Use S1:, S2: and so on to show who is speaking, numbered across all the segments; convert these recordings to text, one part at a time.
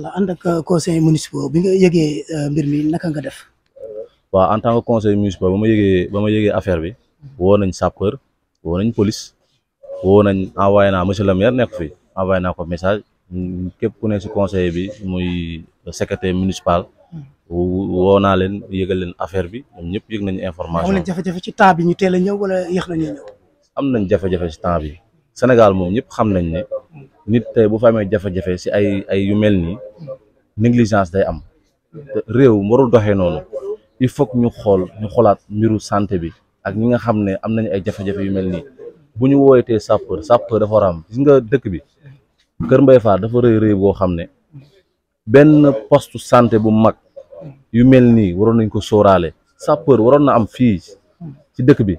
S1: allah ànd ak euh, conseil municipal bi nga yëgee euh, mbir mi naka nga def. waaw en tant que conseil municipal ba ma yëgee ba ma yëgee affaire bi woo nañ sapeur woo nañ police woo nañ envoyé naa le maire nekk fi envoyé ko message képp ku nekk si conseil bi muy secrétaire municipal. woo naa leen yëgal leen affaire bi ñoom yëg nañu information. am nañ jafe-jafe ci temps bi ñu teel a ñëw wala yéex am nañ jafe-jafe moom ñëpp xam nañ ne. nit tey bu fa amee jafe-jafe si ay ay yu mel nii négligence day am réew warul doxee noonu il faut ñu xool ñu xoolaat mbiru santé bi ak ñi nga xam ne am nañu ay jafe-jafe yu mel nii bu ñu woowetee sapeur sapeur dafa war am gis nga dëkk bi Kër Mbaye dafa rëy rëy boo xam ne benn poste santé bu mag yu mel nii waroon nañ ko sóoraale sapeur waroon na am fii ci dëkk bi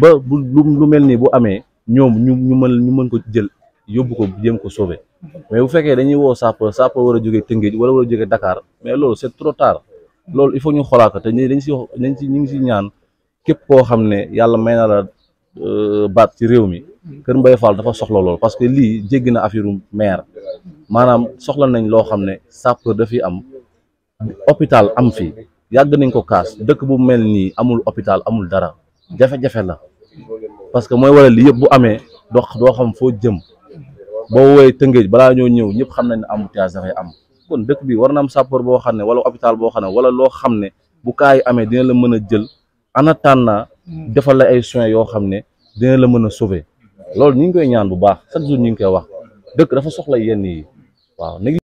S1: ba bu lu mel nii bu amee ñoom ñu ñu mën ñu mën ko jël yóbbu ko jéem ko sauver mais bu fekkee dañuy woo sapeur sapeur wara a jógee Tëngéej wala war a jógee Dakar mais loolu c'est trop tard loolu il faut ñu xoolaat ko te ñi dañ si dañ si ñu ngi si ñaan képp koo xam ne yàlla may na la euh, baat ci réew mi Kër Mbaye Fall dafa soxla loolu parce que lii jéggi na affaire maire maanaam soxla nañ loo xam ne sappeur dafi am hôpital am fi yàgg nañ ko kaas dëkk bu mel nii amul hôpital amul dara jafe-jafe la parce que mooy wala lii yëpp bu amee dox doo xam foo jëm boo woowee Tëngéej balaa ñoo ñëw ñëpp xam nañ am embouteillage dafay am kon dëkk bi war na am sapeur boo xam ne wala hôpital boo xam ne wala loo xam ne bu kaa yi amee dina la mën a jël en attendant mm. defal ay soins yoo xam ne dina la mën a sauver loolu ñu ngi koy ñaan bu baax chaque jour ñu ngi koy wax dëkk dafa soxla yenn yi waaw.